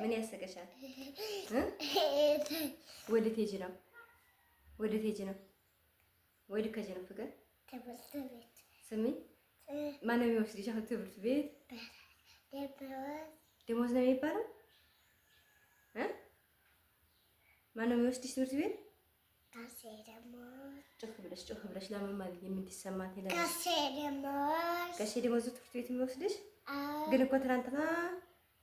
ምን ያሰቀሻል? ወደ ቴጂ ነው ወደ ቴጂ ነው ወደ ከጂ ነው ፍቅር ስሚ፣ ማነው የሚወስድሽ አሁን ትምህርት ቤት? ደሞዝ ነው የሚባለው? ማነው የሚወስድሽ ትምህርት ቤት? ጮክ ብለሽ ጮክ ብለሽ ለመማር የምትሰማት ይላል። ከሴ ደሞዝ ትምህርት ቤት የሚወስድሽ ግን እኮ ትናንትና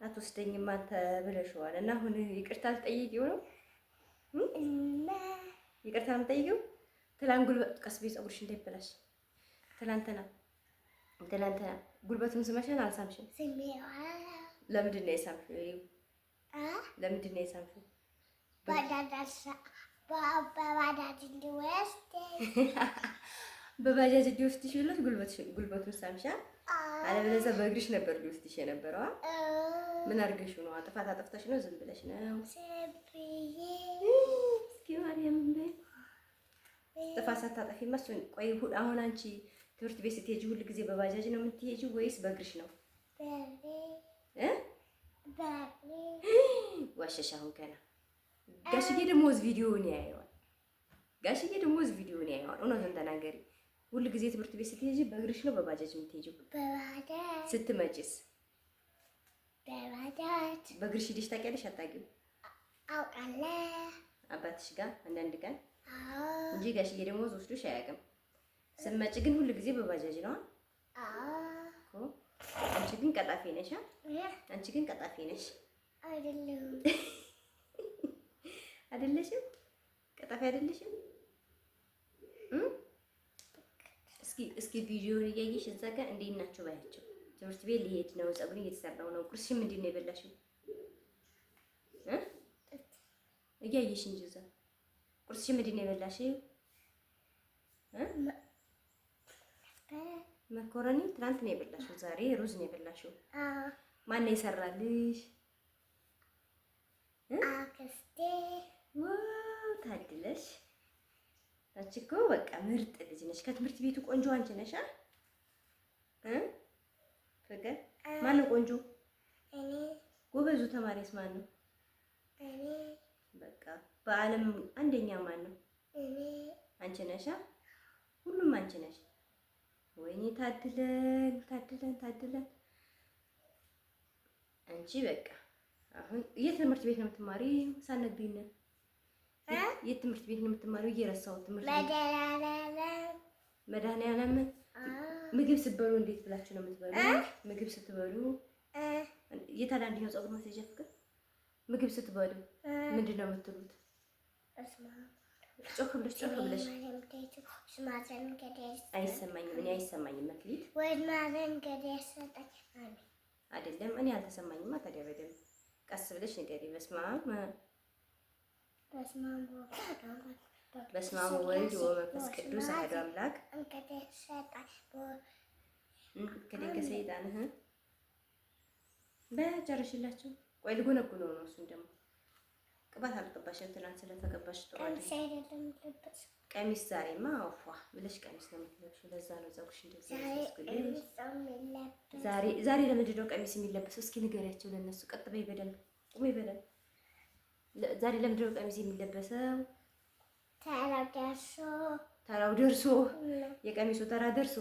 አትወስደኝም አንተ ብለሽዋል። እና አሁን ይቅርታ ትጠይቂው ነው? ይቅርታ ነው ትላንት ጉልበት ቀስ ቤት ፀጉርሽ እንዳይበላሽ ትላንትና ትላንትና ጉልበቱን ስመሸን አልሳምሽም። ለምንድን ነው የሳምሽው? ለምንድን ነው የሳምሽው? በባጃጅ ሊወስድሽ የለት ጉልበቱን ሳምሻ፣ አለበለዚያ በእግርሽ ነበር ሊወስድሽ የነበረዋ ምን አድርገሽ ነው? አጥፋት አጥፍተሽ ነው? ዝም ብለሽ ነው? እስኪ ማርያም ጥፋት ሳታጠፊማ እሱን ቆይ። አሁን አንቺ ትምህርት ቤት ስትሄጂ ሁል ጊዜ በባጃጅ ነው የምትሄጂ ወይስ በእግርሽ ነው? ዋሸሽ። አሁን ገና ጋሽዬ ደግሞ እዚህ ቪዲዮውን ያየዋል። ጋሽዬ ደግሞ እዚህ ቪዲዮውን ያየዋል። እውነቱን ተናገሪ። ሁል ጊዜ ትምህርት ቤት ስትሄጂ በእግርሽ ነው በባጃጅ የምትሄጂው? ስትመጪስ በባጃጅ በእግርሽ ሂደሽ ታውቂያለሽ? አታውቂም? አውቃለሁ። አባትሽ ጋር አንዳንድ ቀን እንጂ ጋሽዬ ደግሞ ወስዶሽ አያውቅም። ስትመጪ ግን ሁሉ ጊዜ በባጃጅ ነው። አንቺ ግን ቀጣፊ ነሽ። አንቺ ግን ቀጣፊ ነሽ። አይደለም አይደለሽም? ቀጣፊ አይደለሽም? እስኪ እስኪ ቪዲዮን እያየሽ እዛ ጋር እንዴት ናቸው ባያቸው ትምህርት ቤት ሊሄድ ነው። ፀጉሪ እየተሰራው ነው። ቁርስ ምንድን ነው የበላሽው? እያየሽ እንጂ እዛ ቁርስ ምንድን ነው የበላሽው? መኮረኒ ትናንት ነው የበላሽው። ዛሬ ሩዝ ነው የበላሽው። ማን ነው የሰራልሽ? አክስቴ። ዋው ታድለሽ። አንቺ እኮ በቃ ምርጥ ልጅ ነሽ። ከትምህርት ቤቱ ቆንጆ አንቺ ነሽ። ቆንጆ ጎበዙ ተማሪስ ማን ነው? በቃ በዓለም አንደኛ ማን ነው? አንቺ ነሻ? ሁሉም አንቺ ነሽ። ወይኔ ታድለን ታድለን ታድለን። አንቺ በቃ አሁን የት ትምህርት ቤት ነው የምትማሪ? ሳነብኝ የት ትምህርት ቤት ነው የምትማሪው? እየረሳሁት ትምህርት ቤት መድኃኒዓለም ምግብ ስትበሉ እንዴት ብላችሁ ነው የምትበሉ? ምግብ ስትበሉ የታዲያ አንደኛው ጸጉር ነው ሲጀፍቅ ምግብ ስትበሉ ምንድን ነው የምትሉት? ጮክ ብለሽ ጮክ ብለሽ አይሰማኝም። እኔ አይሰማኝም። መክሊት አይደለም እኔ አልተሰማኝም። ታዲያ በደምብ ቀስ ብለሽ ንገሪ። በስመ አብ በስመ አብ ወወልድ ወመንፈስ ቅዱስ አሐዱ አምላክ ከደገሰ ይጣንህ በጨረሽላችሁ። ቆይ ልጎነጉኖ ነው። እሱም ደግሞ ቅባት አልቀባሽም። ትናንት ስለተቀባሽ ጥሩ ቀሚስ ዛሬማ አውፏ ብለሽ ቀሚስ ነው የምትለብሺው። ለዛ ነው ጸጉሽ እንደዚህ ዛሬ ዛሬ ለምንድን ነው ቀሚስ የሚለበሰው? እስኪ ንገሪያቸው ለእነሱ። ቀጥ በይ በደንብ ቁሚ በደንብ። ዛሬ ለምንድን ነው ቀሚስ የሚለበሰው? ደርሶ ተራው ደርሶ የቀሚሱ ተራ ደርሶ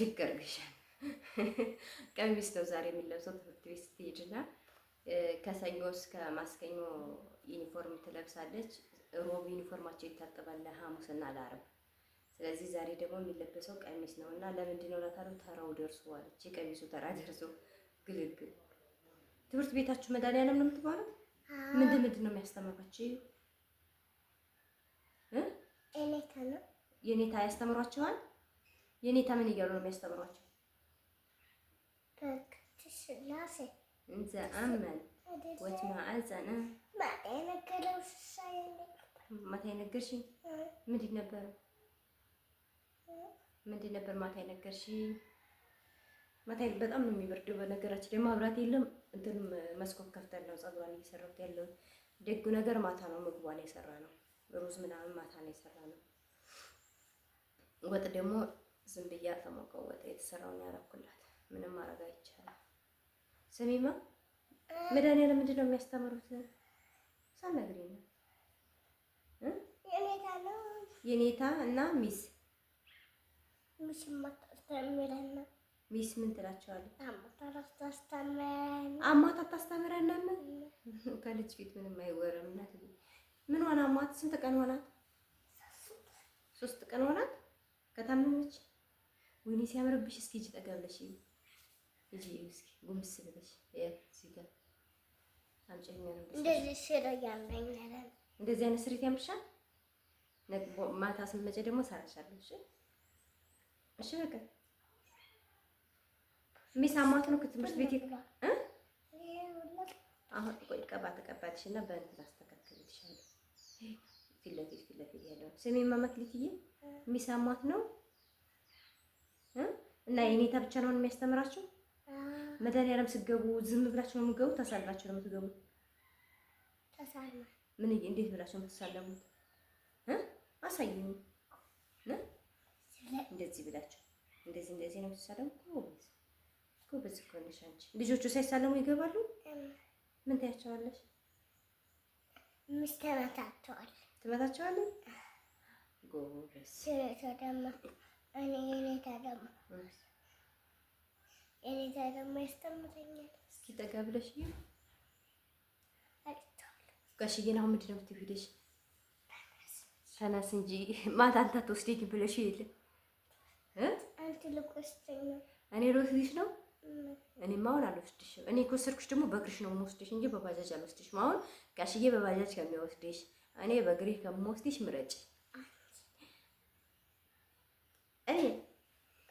ጅገርግሻል ቀሚስ ነው ዛሬ የሚለብሰው። ትምህርት ቤት ስትሄድና ከሰኞ እስከ ማስገኞ ዩኒፎርም ትለብሳለች። ሮብ ዩኒፎርማቸው ይታጠባል እና ለዓርብ። ስለዚህ ዛሬ ደግሞ የሚለበሰው ቀሚስ ነው እና ለምንድን ነው እላታለሁ። ተራው ደርሶ አለች። የቀሚሱ ተራ ደርሶ ግልግል። ትምህርት ቤታችሁ መድኃኒዓለም ነው የምትባሉት? ምንድን ምንድን ነው የሚያስተምራችሁ? የኔታ ያስተምሯችኋል? የኔታ ምን እያሉ ነው የሚያስተምሯቸው? እንዘአመን ወትማዕፀነ ማታ የነገርሽኝ ምንድን ነበር? ምንድን ነበር ማታ የነገርሽኝ? ማታ በጣም ነው የሚበርደው። በነገራችን ላይ ማብራት የለም። እንትንም መስኮት ከፍተን ነው ፀጉሯን እየሰራሁት ያለሁት። ደጉ ነገር ማታ ነው ምግቧን የሰራ ነው ሩዝ ምናምን ማታ ነው ነው። ወጥ ደግሞ ዝም ብዬ አልተሞቀው ወጥ የተሰራውን ያረኩላት ምንም ማድረግ አይቻልም። ስሚማ መድኃኒዓለም ምንድን ነው የሚያስተምሩት? ነው የኔታ እና ሚስ ሚስ ምን ትላቸዋለች? አሟት አታስተምረንም። ከልጅ ፊት ምንም አይወራም እናትዬ ምን ሆና ሟት? ስንት ቀን ሆናት? ሶስት ቀን ሆናት ከታመመች። ወይኔ ሲያምርብሽ! እስኪ እጅ ጠጋብለሽ እጂ እስኪ ጉምስ ብለሽ እዚህ ጋር አምጪኝ ነው። እንደዚህ ስራ ያምረኛል። እንደዚህ አይነት ስሪት ያምርሻል። ነግቦ ማታ ስመጨ ደግሞ ሰራሻለሁ። እሺ፣ እሺ። በቃ የሚሳማት ነው ከትምህርት ቤት ይካ አሁን ቆይ፣ ቀባ ተቀባትሽና በእንትን አስተካክልልሻለሁ ፊት ለፊት ፊት ለፊት ያለው ስሜ ማመክሊትዬ የሚሰማት ነው እና የኔታ ብቻ ነው የሚያስተምራቸው። መድኃኒዓለም ስገቡ ዝም ብላችሁ ነው የምትገቡ? ተሳልማችሁ ነው የምትገቡ? ምን እንዴት ብላችሁ ነው የምትሳለሙት? አሳይኝ። እንደዚህ ብላችሁ እንደዚህ እንደዚህ ነው የምትሳለሙ። ጎበዝ ጎበዝ እኮ ነሽ አንቺ። ልጆቹ ሳይሳለሙ ይገባሉ። ምን ታያቸዋለሽ? ምስተመታቸዋል ትመታቸዋል። ጎበዝ የኔታ ደግሞ እኔ የኔታ ደግሞ የኔታ ደግሞ ያስተምረኛል። እስኪ ጠጋ ብለሽ ጋሽዬን አሁን ምንድን ነው የምትይውልሽ? ተነስ እንጂ ማታ አንተ ብለሽ የለ እኔ ልወስደኝ ነው እኔማ አሁን አልወስድሽም። እኔ ከወሰድኩሽ ደግሞ በእግርሽ ነው የምወስድሽ እንጂ በባጃጅ አልወስድሽም። አሁን ጋሽዬ በባጃጅ ከሚወስድሽ እኔ በእግሬ ከምወስድሽ ምረጭ። እኔ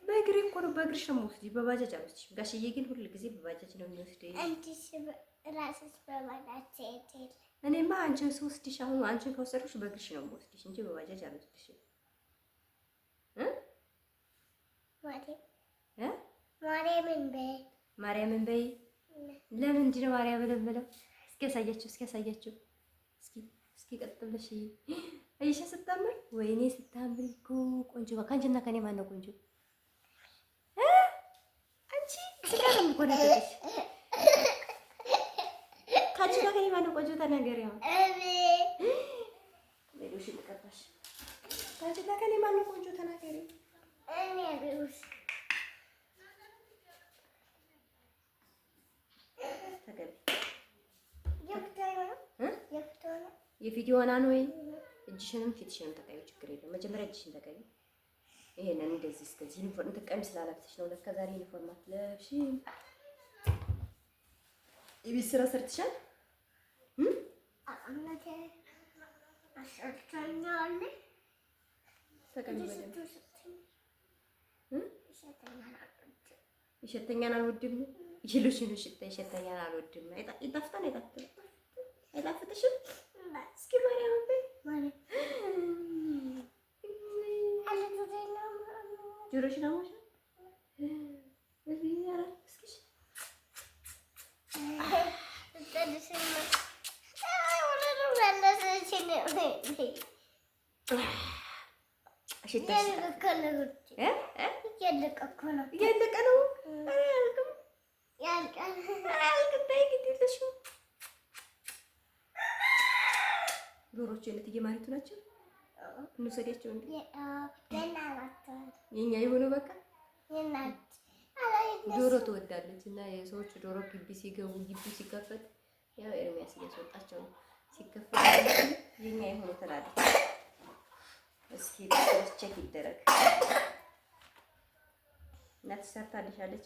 በእግሬ እኮ ነው በእግርሽ ነው የምወስድሽ፣ በባጃጅ አልወስድሽም። ጋሽዬ ግን ሁሉ ጊዜ በባጃጅ ነው የሚወስድሽ። እኔማ አንቺን ስወስድሽ አሁን አንቺን ከወሰድኩሽ በእግርሽ ነው የምወስድሽ እንጂ በባጃጅ አልወስድሽም። ማርያምን በይ ማርያምን በይ። ለምንድን ነው ማርያም የምለው? እስኪ ያሳያችሁ፣ እስኪ ያሳያችሁ፣ እስኪ እስኪ ቀጥ ብለሽ እይሽ ስታምር፣ ወይኔ ስታምር እኮ ቆንጆ። ከአንቺና ከኔ ማነው ቆንጆ? አንቺ ስጋ ቆንጆ የምቆናጠጥሽ። ከአንቺና ከኔ ማነው ቆንጆ? ተናገሪ አሁን። ሌሎሽ ቀባሽ። ከአንቺና ከኔ ማነው ቆንጆ? ተናገሪ። የፊት የሆና ነው እጅሽንም ፊትሽንም ተቀዩ፣ ችግር የለም መጀመሪያ እጅሽን ተቀዩ። ይሄንን እንደዚህ እስከዚህ ዩኒፎርም ተቀምስ ስላለብስሽ ነው። ለካ ዛሬ ዩኒፎርም አትለብሽ። የቤት ስራ ሰርትሻል። ይሸተኛን አልወድም። ይሉሽን ሽታ ይሸተኛን አልወድም። አይጣፍጣን አይጣፍጥም። አይጣፍጥሽም እስኪ ማርያም በይ ጆሮሽን አሞሻል። እያለቀ ነው። ዶሮች የእትዬ ማሪቱ ናቸው። እንውሰዳቸው እንዴ የኛ የሆኑ በቃ ዶሮ ትወዳለች እና የሰዎች ዶሮ ግቢ ሲገቡ ግቢ ሲከፈት ያው ኤርሚያስ እያስወጣቸው ነው። ሲከፈት የኛ የሆኑ ትላለች። እስኪ ዶሮስ ቼክ ይደረግ እና ትሰርታለች አለች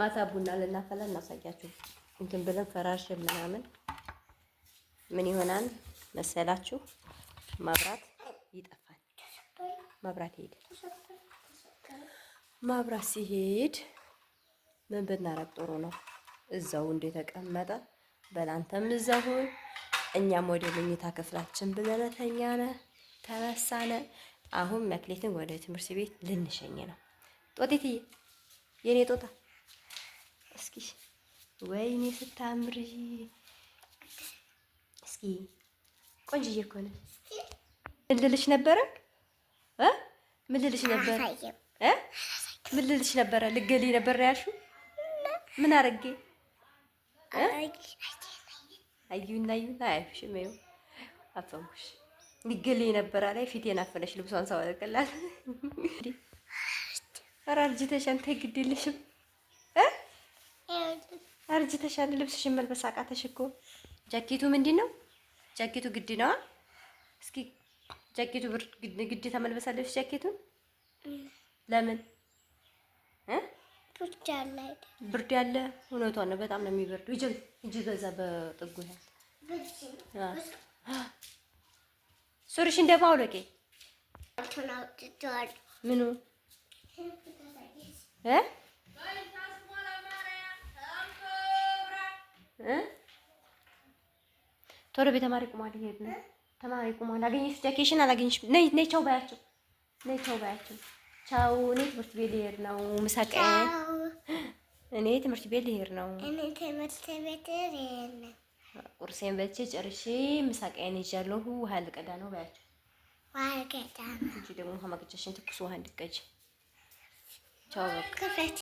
ማታ ቡና ልናፈላ እናሳያችሁ። እንትን ብለን ፈራርሽ ምናምን ምን ይሆናል መሰላችሁ? ማብራት ይጠፋል። ማብራት ይሄድ ማብራት ሲሄድ ምን ብናረግ ጥሩ ነው? እዛው እንደተቀመጠ በላንተም እዛሁን እኛም ወደ መኝታ ክፍላችን ብለን ተኛነ፣ ተነሳነ። አሁን መክሌትን ወደ ትምህርት ቤት ልንሸኝ ነው ጦጢትዬ የኔ ጦጣ እስኪ ወይኔ ስታምሪ እስኪ ቆንጅዬ እኮ ነሽ። ምን ልልሽ ነበረ እ ምን ልልሽ ነበረ እ ምን ልልሽ ነበረ ልገሌ ነበረ ያልሽው ምን አረጌ እ አዩና አዩና አይሽም ነው አፈሙሽ ልገሌ ነበረ ላይ ፊቴን አፈነሽ ልብሷን እንዴ ኧረ አርጅተሻል። አንተ ግድ የለሽም እ አርጅተሻል። ልብስሽን መልበስ አቃተሽ እኮ። ጃኬቱ ምንድን ነው? ጃኬቱ ግድ ነዋ። እስኪ ጃኬቱ ብር ግድ ተመልበሳለሽ። ጃኬቱን ለምን ብርድ ያለ እውነቷን ነው። በጣም ነው የሚበርዱ። እጅ እጅ በዛ በጥጉ ያለ ሱሪሽ እንደማውለቄ ምኑ ቶሎ ቤት ተማሪ ቁሟል። ይሄድ ነው ተማሪ ቁሟል። አገኘሽ ጃኬሽን አላገኘሽ? ነይ ነይ፣ ቻው ባያቸው፣ ነይ ቻው ባያቸው። ቻው እኔ ትምህርት ቤት ልሄድ ነው። ምሳቀያ እኔ ትምህርት ቤት ልሄድ ነው። እኔ ትምህርት ቤት ልሄድ ነው። ቁርሴን በልቼ ጨርሼ ምሳቀያን ይዣለሁ። ውሃ ልቀዳ ነው ባያቸው። ውሃ ልቀዳ ነው። ደግሞ ውሃ መቅጃሽን ትኩስ ውሃ እንድትቀጂ Çabuk. Evet.